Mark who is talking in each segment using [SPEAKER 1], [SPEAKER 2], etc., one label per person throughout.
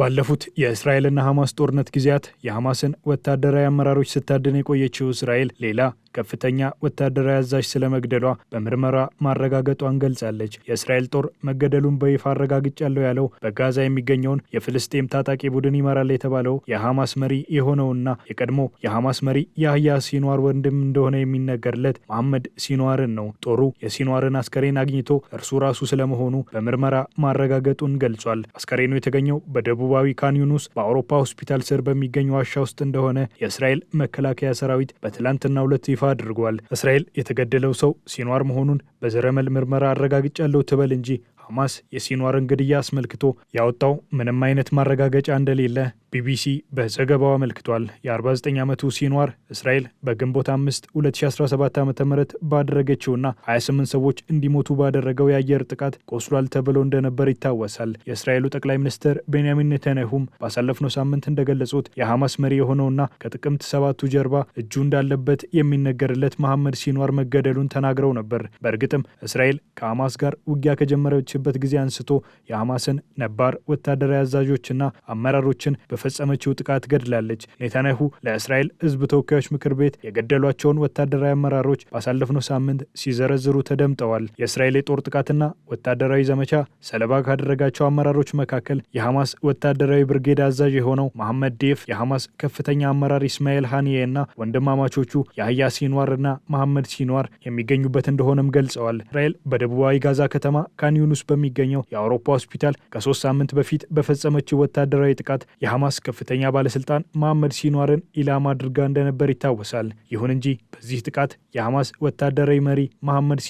[SPEAKER 1] ባለፉት የእስራኤልና ሐማስ ጦርነት ጊዜያት የሐማስን ወታደራዊ አመራሮች ስታድን የቆየችው እስራኤል ሌላ ከፍተኛ ወታደራዊ አዛዥ ስለመግደሏ በምርመራ ማረጋገጧን ገልጻለች። የእስራኤል ጦር መገደሉን በይፋ አረጋግጫለሁ ያለው በጋዛ የሚገኘውን የፍልስጤም ታጣቂ ቡድን ይመራል የተባለው የሐማስ መሪ የሆነውና የቀድሞ የሐማስ መሪ ያህያ ሲኗር ወንድም እንደሆነ የሚነገርለት መሐመድ ሲኗርን ነው። ጦሩ የሲኗርን አስከሬን አግኝቶ እርሱ ራሱ ስለመሆኑ በምርመራ ማረጋገጡን ገልጿል። አስከሬኑ የተገኘው በደቡባዊ ካን ዩኑስ በአውሮፓ ሆስፒታል ስር በሚገኝ ዋሻ ውስጥ እንደሆነ የእስራኤል መከላከያ ሰራዊት በትላንትና ሁለት ይፋ አድርጓል። እስራኤል የተገደለው ሰው ሲኗር መሆኑን በዘረመል ምርመራ አረጋግጫለሁ ትበል እንጂ ሐማስ የሲኗርን ግድያ አስመልክቶ ያወጣው ምንም አይነት ማረጋገጫ እንደሌለ ቢቢሲ በዘገባው አመልክቷል። የ49 ዓመቱ ሲኗር እስራኤል በግንቦት 5 2017 ዓ ም ባደረገችውና 28 ሰዎች እንዲሞቱ ባደረገው የአየር ጥቃት ቆስሏል ተብሎ እንደነበር ይታወሳል። የእስራኤሉ ጠቅላይ ሚኒስትር ቤንያሚን ኔታንያሁም ባሳለፍነው ሳምንት እንደገለጹት የሐማስ መሪ የሆነውና ከጥቅምት ሰባቱ ጀርባ እጁ እንዳለበት የሚነገርለት መሐመድ ሲኗር መገደሉን ተናግረው ነበር። በእርግጥም እስራኤል ከሐማስ ጋር ውጊያ ከጀመረችበት ጊዜ አንስቶ የሐማስን ነባር ወታደራዊ አዛዦችና አመራሮችን በ በፈጸመችው ጥቃት ገድላለች። ኔታንያሁ ለእስራኤል ሕዝብ ተወካዮች ምክር ቤት የገደሏቸውን ወታደራዊ አመራሮች ባሳለፍነው ሳምንት ሲዘረዝሩ ተደምጠዋል። የእስራኤል የጦር ጥቃትና ወታደራዊ ዘመቻ ሰለባ ካደረጋቸው አመራሮች መካከል የሐማስ ወታደራዊ ብርጌድ አዛዥ የሆነው መሐመድ ዴፍ፣ የሐማስ ከፍተኛ አመራር ኢስማኤል ሃኒዬ እና ወንድማማቾቹ የአህያ ሲንዋር እና መሐመድ ሲንዋር የሚገኙበት እንደሆነም ገልጸዋል። እስራኤል በደቡባዊ ጋዛ ከተማ ካንዩኑስ በሚገኘው የአውሮፓ ሆስፒታል ከሶስት ሳምንት በፊት በፈጸመችው ወታደራዊ ጥቃት ሐማስ ከፍተኛ ባለስልጣን መሐመድ ሲኗርን ኢላማ አድርጋ እንደነበር ይታወሳል። ይሁን እንጂ በዚህ ጥቃት የሐማስ ወታደራዊ መሪ መሐመድ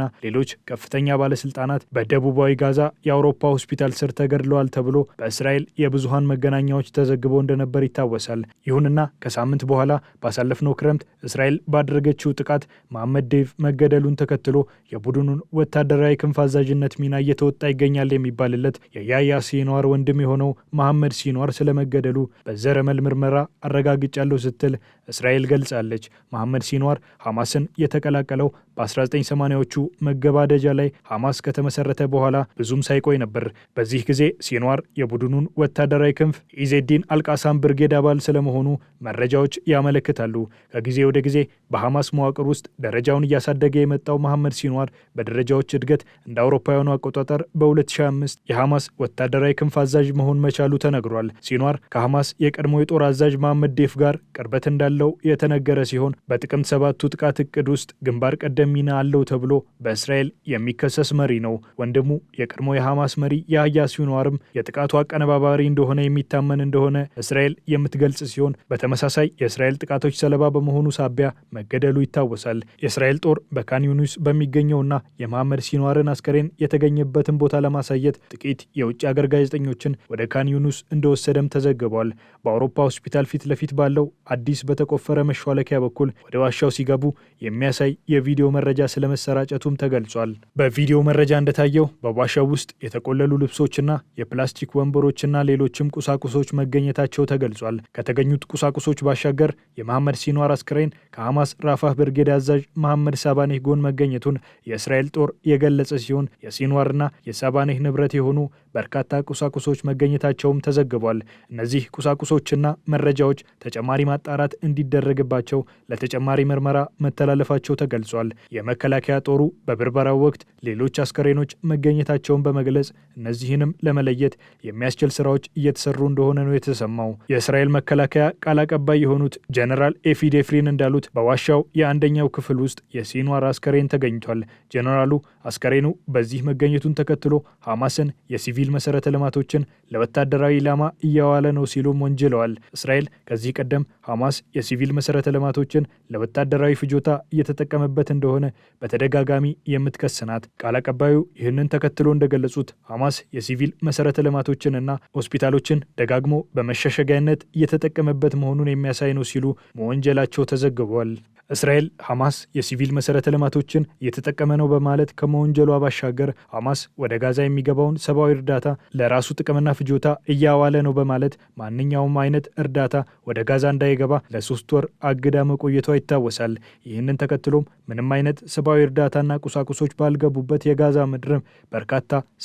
[SPEAKER 1] ና ሌሎች ከፍተኛ ባለስልጣናት በደቡባዊ ጋዛ የአውሮፓ ሆስፒታል ስር ተገድለዋል ተብሎ በእስራኤል የብዙሃን መገናኛዎች ተዘግቦ እንደነበር ይታወሳል። ይሁንና ከሳምንት በኋላ ባሳለፍነው ክረምት እስራኤል ባደረገችው ጥቃት መሐመድ ዴቭ መገደሉን ተከትሎ የቡድኑን ወታደራዊ ክንፍ አዛዥነት ሚና እየተወጣ ይገኛል የሚባልለት የያያ ሲኗር ወንድም የሆነው መሐመድ ሲኗር ስለመ መገደሉ በዘረመል ምርመራ አረጋግጫለሁ ስትል እስራኤል ገልጻለች። መሐመድ ሲንዋር ሐማስን የተቀላቀለው በ1980ዎቹ መገባደጃ ላይ ሐማስ ከተመሰረተ በኋላ ብዙም ሳይቆይ ነበር። በዚህ ጊዜ ሲንዋር የቡድኑን ወታደራዊ ክንፍ ኢዜዲን አልቃሳም ብርጌድ አባል ስለመሆኑ መረጃዎች ያመለክታሉ። ከጊዜ ወደ ጊዜ በሐማስ መዋቅር ውስጥ ደረጃውን እያሳደገ የመጣው መሐመድ ሲንዋር በደረጃዎች እድገት እንደ አውሮፓውያኑ አቆጣጠር በ2005 የሐማስ ወታደራዊ ክንፍ አዛዥ መሆን መቻሉ ተነግሯል። ሲንዋር ከሐማስ የቀድሞ የጦር አዛዥ መሐመድ ዴፍ ጋር ቅርበት እንዳለ እንዳለው የተነገረ ሲሆን በጥቅምት ሰባቱ ጥቃት እቅድ ውስጥ ግንባር ቀደም ሚና አለው ተብሎ በእስራኤል የሚከሰስ መሪ ነው። ወንድሙ የቀድሞ የሐማስ መሪ የህያ ሲኗርም የጥቃቱ አቀነባባሪ እንደሆነ የሚታመን እንደሆነ እስራኤል የምትገልጽ ሲሆን በተመሳሳይ የእስራኤል ጥቃቶች ሰለባ በመሆኑ ሳቢያ መገደሉ ይታወሳል። የእስራኤል ጦር በካን ዩኒስ በሚገኘውና የመሐመድ ሲኗርን አስከሬን የተገኘበትን ቦታ ለማሳየት ጥቂት የውጭ አገር ጋዜጠኞችን ወደ ካን ዩኒስ እንደወሰደም ተዘግቧል። በአውሮፓ ሆስፒታል ፊት ለፊት ባለው አዲስ በተ በተቆፈረ መሿለኪያ በኩል ወደ ዋሻው ሲገቡ የሚያሳይ የቪዲዮ መረጃ ስለመሰራጨቱም ተገልጿል። በቪዲዮ መረጃ እንደታየው በዋሻው ውስጥ የተቆለሉ ልብሶችና የፕላስቲክ ወንበሮችና ሌሎችም ቁሳቁሶች መገኘታቸው ተገልጿል። ከተገኙት ቁሳቁሶች ባሻገር የመሐመድ ሲኗር አስክሬን ከሐማስ ራፋህ ብርጌድ አዛዥ መሐመድ ሳባኔህ ጎን መገኘቱን የእስራኤል ጦር የገለጸ ሲሆን የሲኗርና የሳባኔህ ንብረት የሆኑ በርካታ ቁሳቁሶች መገኘታቸውም ተዘግቧል። እነዚህ ቁሳቁሶችና መረጃዎች ተጨማሪ ማጣራት እንዲደረግባቸው ለተጨማሪ ምርመራ መተላለፋቸው ተገልጿል። የመከላከያ ጦሩ በብርበራው ወቅት ሌሎች አስከሬኖች መገኘታቸውን በመግለጽ እነዚህንም ለመለየት የሚያስችል ስራዎች እየተሰሩ እንደሆነ ነው የተሰማው። የእስራኤል መከላከያ ቃል አቀባይ የሆኑት ጀነራል ኤፊዴፍሪን እንዳሉት በዋሻው የአንደኛው ክፍል ውስጥ የሲኗር አስከሬን ተገኝቷል። ጀነራሉ አስከሬኑ በዚህ መገኘቱን ተከትሎ ሐማስን የሲቪል መሰረተ ልማቶችን ለወታደራዊ ኢላማ እያዋለ ነው ሲሉም ወንጅለዋል። እስራኤል ከዚህ ቀደም ሐማስ የሲቪል መሰረተ ልማቶችን ለወታደራዊ ፍጆታ እየተጠቀመበት እንደሆነ በተደጋጋሚ የምትከስ ናት። ቃል አቀባዩ ይህንን ተከትሎ እንደገለጹት ሐማስ የሲቪል መሰረተ ልማቶችን ና ሆስፒታሎችን ደጋግሞ በመሸሸጊያነት እየተጠቀመበት መሆኑን የሚያሳይ ነው ሲሉ መወንጀላቸው ተዘግቧል። እስራኤል ሐማስ የሲቪል መሰረተ ልማቶችን እየተጠቀመ ነው በማለት ከመወንጀሏ ባሻገር ሐማስ ወደ ጋዛ የሚገባውን ሰብአዊ እርዳታ ለራሱ ጥቅምና ፍጆታ እያዋለ ነው በማለት ማንኛውም አይነት እርዳታ ወደ ጋዛ እንዳይገባ ለሶስት ወር አግዳ መቆየቷ ይታወሳል። ይህንን ተከትሎም ምንም አይነት ሰብአዊ እርዳታና ቁሳቁሶች ባልገቡበት የጋዛ ምድርም በርካታ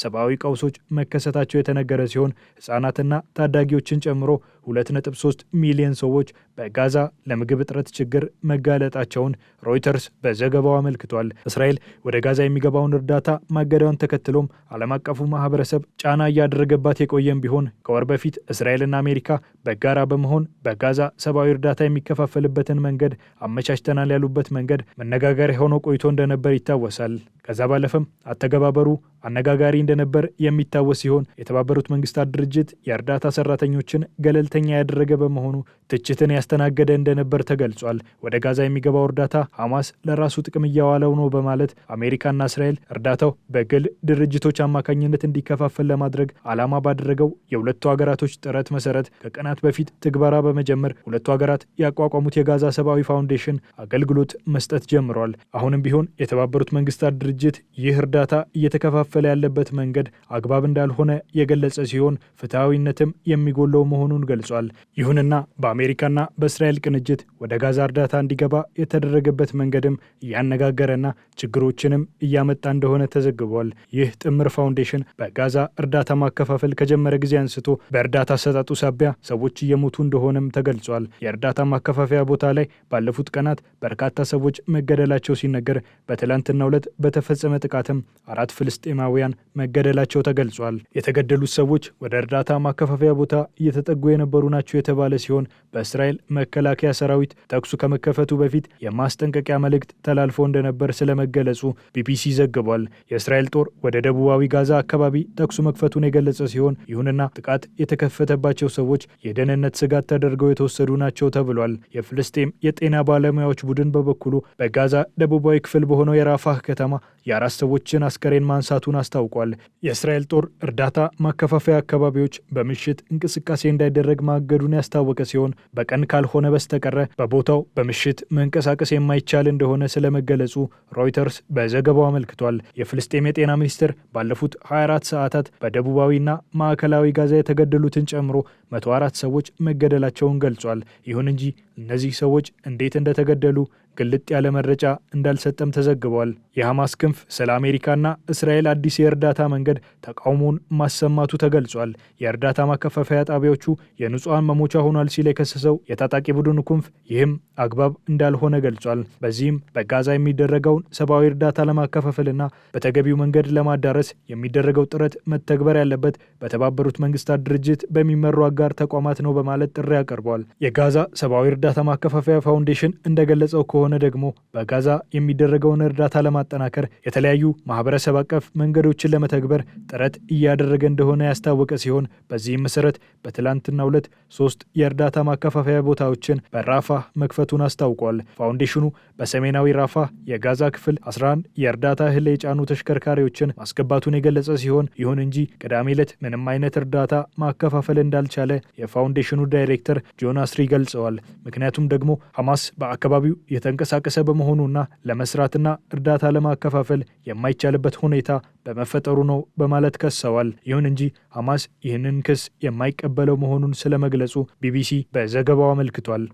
[SPEAKER 1] ሰብአዊ ቀውሶች መከሰታቸው የተነገረ ሲሆን ሕጻናትና ታዳጊዎችን ጨምሮ 2.3 ሚሊዮን ሰዎች በጋዛ ለምግብ እጥረት ችግር መጋለጣቸውን ሮይተርስ በዘገባው አመልክቷል። እስራኤል ወደ ጋዛ የሚገባውን እርዳታ ማገዳውን ተከትሎም ዓለም አቀፉ ማህበረሰብ ጫና እያደረገባት የቆየም ቢሆን ከወር በፊት እስራኤልና አሜሪካ በጋራ በመሆን በጋዛ ሰብአዊ እርዳታ የሚከፋፈልበትን መንገድ አመቻችተናል ያሉበት መንገድ መነጋገሪያ ሆኖ ቆይቶ እንደነበር ይታወሳል። ከዛ ባለፈም አተገባበሩ አነጋጋሪ እንደነበር የሚታወስ ሲሆን የተባበሩት መንግስታት ድርጅት የእርዳታ ሰራተኞችን ገለልተኛ ያደረገ በመሆኑ ትችትን ያስተናገደ እንደነበር ተገልጿል። ወደ ጋዛ የሚገባው እርዳታ ሐማስ ለራሱ ጥቅም እያዋለው ነው በማለት አሜሪካና እስራኤል እርዳታው በግል ድርጅቶች አማካኝነት እንዲከፋፈል ለማድረግ ዓላማ ባደረገው የሁለቱ ሀገራቶች ጥረት መሰረት ከቀናት በፊት ትግበራ በመጀመር ሁለቱ ሀገራት ያቋቋሙት የጋዛ ሰብአዊ ፋውንዴሽን አገልግሎት መስጠት ጀምሯል። አሁንም ቢሆን የተባበሩት መንግስታት ድርጅት ድርጅት ይህ እርዳታ እየተከፋፈለ ያለበት መንገድ አግባብ እንዳልሆነ የገለጸ ሲሆን ፍትሐዊነትም የሚጎለው መሆኑን ገልጿል። ይሁንና በአሜሪካና በእስራኤል ቅንጅት ወደ ጋዛ እርዳታ እንዲገባ የተደረገበት መንገድም እያነጋገረና ችግሮችንም እያመጣ እንደሆነ ተዘግቧል። ይህ ጥምር ፋውንዴሽን በጋዛ እርዳታ ማከፋፈል ከጀመረ ጊዜ አንስቶ በእርዳታ አሰጣጡ ሳቢያ ሰዎች እየሞቱ እንደሆነም ተገልጿል። የእርዳታ ማከፋፈያ ቦታ ላይ ባለፉት ቀናት በርካታ ሰዎች መገደላቸው ሲነገር በትላንትና ዕለት በተ በተፈጸመ ጥቃትም አራት ፍልስጤማውያን መገደላቸው ተገልጿል። የተገደሉት ሰዎች ወደ እርዳታ ማከፋፈያ ቦታ እየተጠጉ የነበሩ ናቸው የተባለ ሲሆን በእስራኤል መከላከያ ሰራዊት ተኩሱ ከመከፈቱ በፊት የማስጠንቀቂያ መልእክት ተላልፎ እንደነበር ስለመገለጹ ቢቢሲ ዘግቧል። የእስራኤል ጦር ወደ ደቡባዊ ጋዛ አካባቢ ተኩሱ መክፈቱን የገለጸ ሲሆን ይሁንና ጥቃት የተከፈተባቸው ሰዎች የደህንነት ስጋት ተደርገው የተወሰዱ ናቸው ተብሏል። የፍልስጤም የጤና ባለሙያዎች ቡድን በበኩሉ በጋዛ ደቡባዊ ክፍል በሆነው የራፋህ ከተማ የአራት ሰዎችን አስከሬን ማንሳቱን አስታውቋል። የእስራኤል ጦር እርዳታ ማከፋፈያ አካባቢዎች በምሽት እንቅስቃሴ እንዳይደረግ ማገዱን ያስታወቀ ሲሆን በቀን ካልሆነ በስተቀረ በቦታው በምሽት መንቀሳቀስ የማይቻል እንደሆነ ስለመገለጹ ሮይተርስ በዘገባው አመልክቷል። የፍልስጤም የጤና ሚኒስቴር ባለፉት 24 ሰዓታት በደቡባዊና ማዕከላዊ ጋዛ የተገደሉትን ጨምሮ 104 ሰዎች መገደላቸውን ገልጿል። ይሁን እንጂ እነዚህ ሰዎች እንዴት እንደተገደሉ ግልጥ ያለ መረጃ እንዳልሰጠም ተዘግቧል። የሐማስ ክንፍ ስለ አሜሪካና እስራኤል አዲስ የእርዳታ መንገድ ተቃውሞውን ማሰማቱ ተገልጿል። የእርዳታ ማከፋፈያ ጣቢያዎቹ የንጹሐን መሞቻ ሆኗል ሲል የከሰሰው የታጣቂ ቡድኑ ክንፍ ይህም አግባብ እንዳልሆነ ገልጿል። በዚህም በጋዛ የሚደረገውን ሰብአዊ እርዳታ ለማከፋፈልና በተገቢው መንገድ ለማዳረስ የሚደረገው ጥረት መተግበር ያለበት በተባበሩት መንግስታት ድርጅት በሚመሩ አጋር ተቋማት ነው በማለት ጥሪ አቅርቧል። የጋዛ ሰብአዊ እርዳታ ማከፋፈያ ፋውንዴሽን እንደገለጸው ከሆነ ከሆነ ደግሞ በጋዛ የሚደረገውን እርዳታ ለማጠናከር የተለያዩ ማህበረሰብ አቀፍ መንገዶችን ለመተግበር ጥረት እያደረገ እንደሆነ ያስታወቀ ሲሆን በዚህም መሰረት በትላንትናው ዕለት ሶስት የእርዳታ ማከፋፈያ ቦታዎችን በራፋ መክፈቱን አስታውቋል። ፋውንዴሽኑ በሰሜናዊ ራፋ የጋዛ ክፍል 11 የእርዳታ እህል የጫኑ ተሽከርካሪዎችን ማስገባቱን የገለጸ ሲሆን ይሁን እንጂ ቅዳሜ ዕለት ምንም አይነት እርዳታ ማከፋፈል እንዳልቻለ የፋውንዴሽኑ ዳይሬክተር ጆን አስሪ ገልጸዋል። ምክንያቱም ደግሞ ሐማስ በአካባቢው የተንቀ እየተንቀሳቀሰ በመሆኑና ለመስራትና እርዳታ ለማከፋፈል የማይቻልበት ሁኔታ በመፈጠሩ ነው በማለት ከሰዋል። ይሁን እንጂ ሐማስ ይህንን ክስ የማይቀበለው መሆኑን ስለመግለጹ ቢቢሲ በዘገባው አመልክቷል።